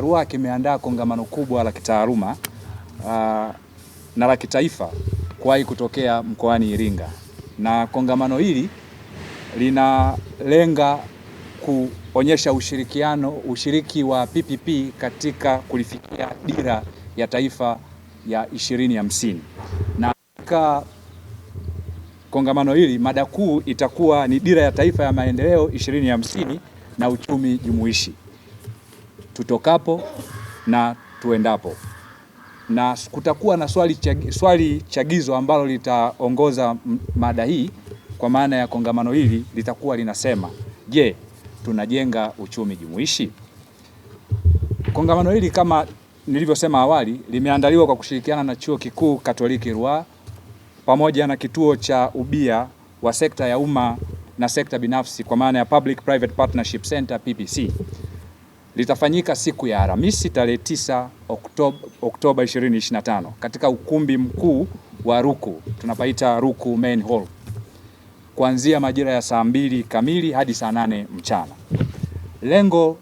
RUWASA kimeandaa kongamano kubwa la kitaaluma uh, na la kitaifa kuwahi kutokea mkoani Iringa, na kongamano hili linalenga kuonyesha ushirikiano, ushiriki wa PPP katika kulifikia dira ya taifa ya 2050. Na katika kongamano hili mada kuu itakuwa ni dira ya taifa ya maendeleo 2050 na uchumi jumuishi tutokapo na tuendapo. Na kutakuwa na swali, chagi, swali chagizo ambalo litaongoza mada hii kwa maana ya kongamano hili litakuwa linasema, je, tunajenga uchumi jumuishi? Kongamano hili kama nilivyosema awali limeandaliwa kwa kushirikiana na Chuo Kikuu Katoliki Ruaha pamoja na kituo cha ubia wa sekta ya umma na sekta binafsi kwa maana ya Public Private Partnership Center PPC litafanyika siku ya Alhamisi tarehe tisa Oktoba, Oktoba 2025 katika ukumbi mkuu wa Ruku tunapaita Ruku Main Hall kuanzia majira ya saa mbili kamili hadi saa nane mchana. Lengo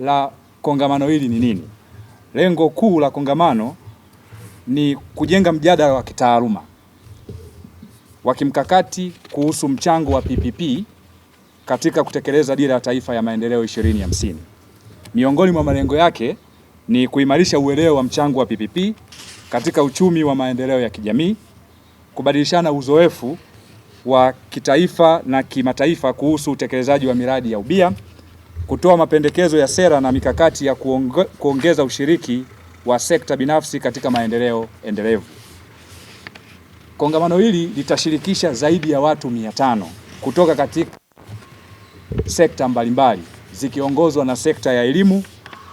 la kongamano hili ni nini? Lengo kuu la kongamano ni kujenga mjadala wa kitaaluma wa kimkakati kuhusu mchango wa PPP katika kutekeleza dira ya taifa ya maendeleo 2050. Miongoni mwa malengo yake ni kuimarisha uelewa wa mchango wa PPP katika uchumi wa maendeleo ya kijamii, kubadilishana uzoefu wa kitaifa na kimataifa kuhusu utekelezaji wa miradi ya ubia, kutoa mapendekezo ya sera na mikakati ya kuonge, kuongeza ushiriki wa sekta binafsi katika maendeleo endelevu. Kongamano hili litashirikisha zaidi ya watu mia tano kutoka katika sekta mbalimbali zikiongozwa na sekta ya elimu,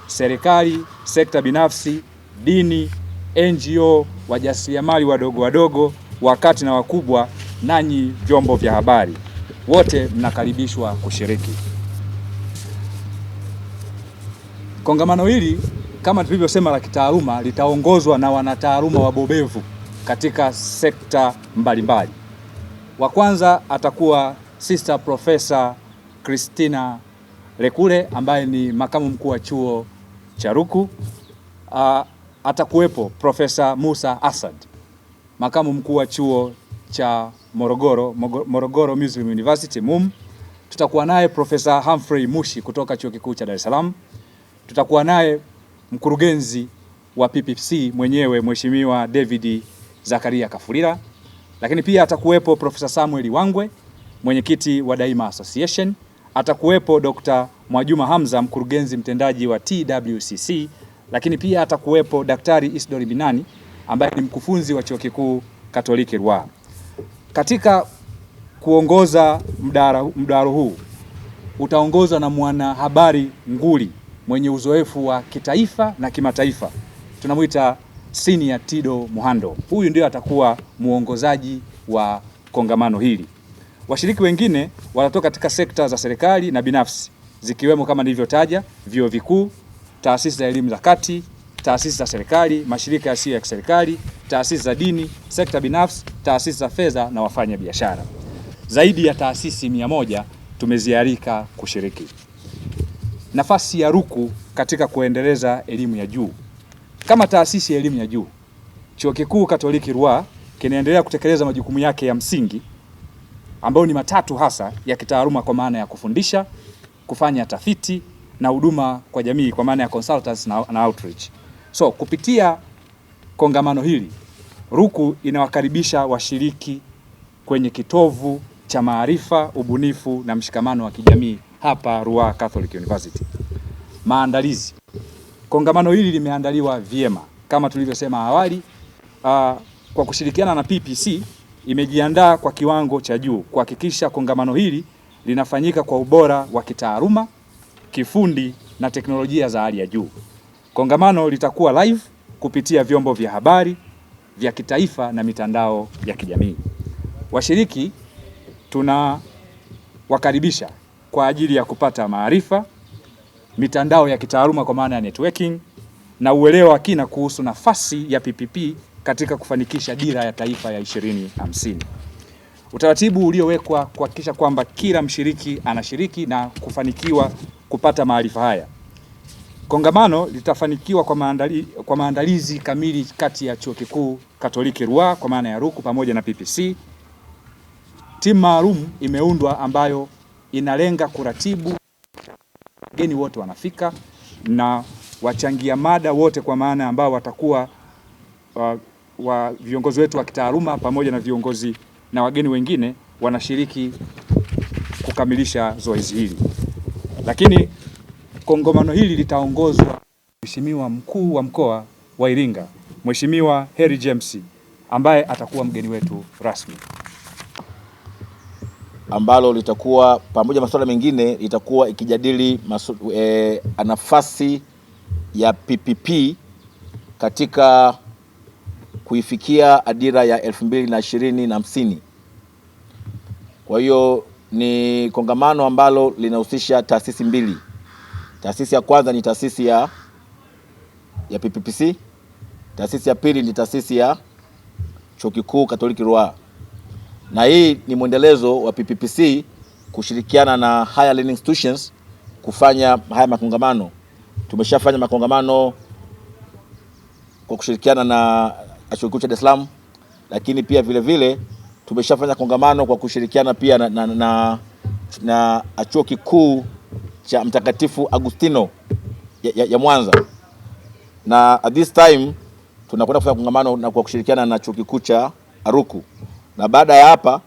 serikali, sekta binafsi, dini, NGO, wajasiriamali wadogo wadogo, wakati na wakubwa, nanyi vyombo vya habari, wote mnakaribishwa kushiriki kongamano hili. Kama tulivyosema la kitaaluma, litaongozwa na wanataaluma wabobevu katika sekta mbalimbali. Wa kwanza atakuwa Sister Profesa Christina Lekule ambaye ni makamu mkuu wa chuo cha Ruku. Uh, atakuwepo Profesa Musa Asad, makamu mkuu wa chuo cha Morogoro, Morogoro Muslim University MUM. Tutakuwa naye Profesa Humphrey Mushi kutoka chuo kikuu cha Dar es Salaam. Tutakuwa naye mkurugenzi wa PPC mwenyewe Mheshimiwa David Zakaria Kafulila, lakini pia atakuwepo Profesa Samuel Wangwe, mwenyekiti wa Daima Association atakuwepo dkt Mwajuma Hamza, mkurugenzi mtendaji wa TWCC, lakini pia atakuwepo Daktari Isidori Binani ambaye ni mkufunzi wa Chuo Kikuu Katoliki Ruaha. Katika kuongoza mdaro huu utaongozwa na mwanahabari nguli mwenye uzoefu wa kitaifa na kimataifa, tunamwita Senior Tido Muhando. Huyu ndio atakuwa mwongozaji wa kongamano hili. Washiriki wengine wanatoka katika sekta za serikali na binafsi zikiwemo kama nilivyotaja, vyuo vikuu, taasisi za elimu za kati, taasisi za serikali, mashirika yasiyo ya kiserikali, taasisi za dini, sekta binafsi, taasisi za fedha na wafanya biashara. Zaidi ya taasisi mia moja tumeziarika kushiriki. Nafasi ya RUCU katika kuendeleza elimu ya juu. Kama taasisi ya elimu ya juu, Chuo Kikuu Katoliki Rua kinaendelea kutekeleza majukumu yake ya msingi ambayo ni matatu hasa ya kitaaluma kwa maana ya kufundisha, kufanya tafiti na huduma kwa jamii kwa maana ya consultants na, na outreach. So kupitia kongamano hili RUCU inawakaribisha washiriki kwenye kitovu cha maarifa, ubunifu na mshikamano wa kijamii hapa Ruaha Catholic University. Maandalizi. Kongamano hili limeandaliwa vyema kama tulivyosema awali, uh, kwa kushirikiana na PPC imejiandaa kwa kiwango cha juu kuhakikisha kongamano hili linafanyika kwa ubora wa kitaaluma, kifundi na teknolojia za hali ya juu. Kongamano litakuwa live kupitia vyombo vya habari vya kitaifa na mitandao ya kijamii. Washiriki tunawakaribisha kwa ajili ya kupata maarifa, mitandao ya kitaaluma kwa maana ya networking na uelewa wa kina kuhusu nafasi ya PPP katika kufanikisha dira ya taifa ya 2050. Utaratibu uliowekwa kuhakikisha kwamba kila mshiriki anashiriki na kufanikiwa kupata maarifa haya. Kongamano litafanikiwa kwa maandali, kwa maandalizi kamili kati ya Chuo Kikuu Katoliki Ruaha kwa maana ya RUCU pamoja na PPC. Timu maalum imeundwa ambayo inalenga kuratibu wageni wote wanafika na wachangia mada wote kwa maana ambao watakuwa uh, wa viongozi wetu wa kitaaluma pamoja na viongozi na wageni wengine wanashiriki kukamilisha zoezi hili, lakini kongamano hili litaongozwa Mheshimiwa mkuu wa mkoa wa Iringa Mheshimiwa Heri James ambaye atakuwa mgeni wetu rasmi, ambalo litakuwa pamoja na masuala mengine litakuwa ikijadili masu, e, nafasi ya PPP katika kuifikia adira ya elfu mbili na ishirini na hamsini. Kwa hiyo ni kongamano ambalo linahusisha taasisi mbili. Taasisi ya kwanza ni taasisi ya, ya PPPC. Taasisi ya pili ni taasisi ya Chuo Kikuu Katoliki Ruaha, na hii ni mwendelezo wa PPPC kushirikiana na higher learning institutions kufanya haya makongamano. Tumeshafanya makongamano kwa kushirikiana na Chuo Kikuu cha Dar es Salaam, lakini pia vile vile tumeshafanya kongamano kwa kushirikiana pia na, na, na, na Chuo Kikuu cha Mtakatifu Agustino ya, ya, ya Mwanza na at this time tunakwenda kufanya kongamano na kwa kushirikiana na Chuo Kikuu cha Aruku na baada ya hapa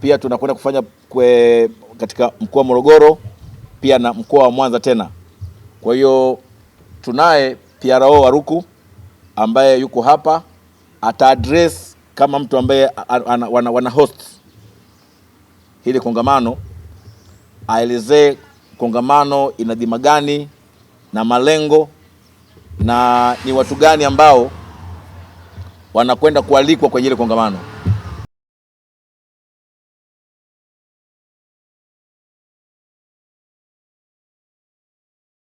pia tunakwenda kufanya kwe, katika mkoa wa Morogoro pia na mkoa wa Mwanza tena. Kwa hiyo tunaye PRO Aruku ambaye yuko hapa ata address kama mtu ambaye wana, wana, host hili kongamano, aelezee kongamano ina dhima gani na malengo na ni watu gani ambao wanakwenda kualikwa kwenye ile kongamano.